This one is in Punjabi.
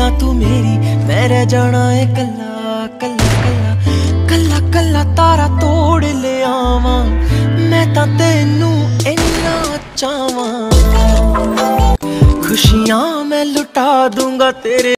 ਨਾ ਤੂੰ ਮੇਰੀ ਮੈਂ ਰਹਿ ਜਾਣਾ ਏ ਕੱਲਾ ਕੱਲਾ ਕੱਲਾ ਕੱਲਾ ਕੱਲਾ ਤਾਰਾ ਤੋੜ ਲਿਆਵਾਂ ਮੈਂ ਤਾਂ ਤੈਨੂੰ ਇੰਨਾ ਚਾਹਾਂ ਖੁਸ਼ੀਆਂ ਮੈਂ ਲੁਟਾ ਦੂੰਗਾ ਤੇਰੇ